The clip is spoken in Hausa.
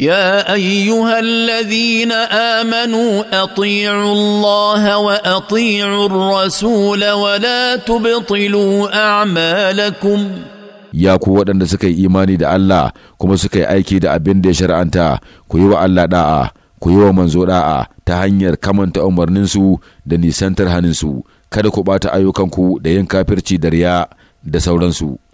يا ايها الذين امنوا اطيعوا الله واطيعوا الرسول ولا تبطلوا اعمالكم ya ku waɗanda suka yi imani da Allah kuma suka yi aiki da abin da ya shari'anta ku yi wa Allah da'a ku yi wa manzo da'a ta hanyar kamanta su da nisantar su kada ku ɓata ayyukanku da yin kafirci da riya da sauransu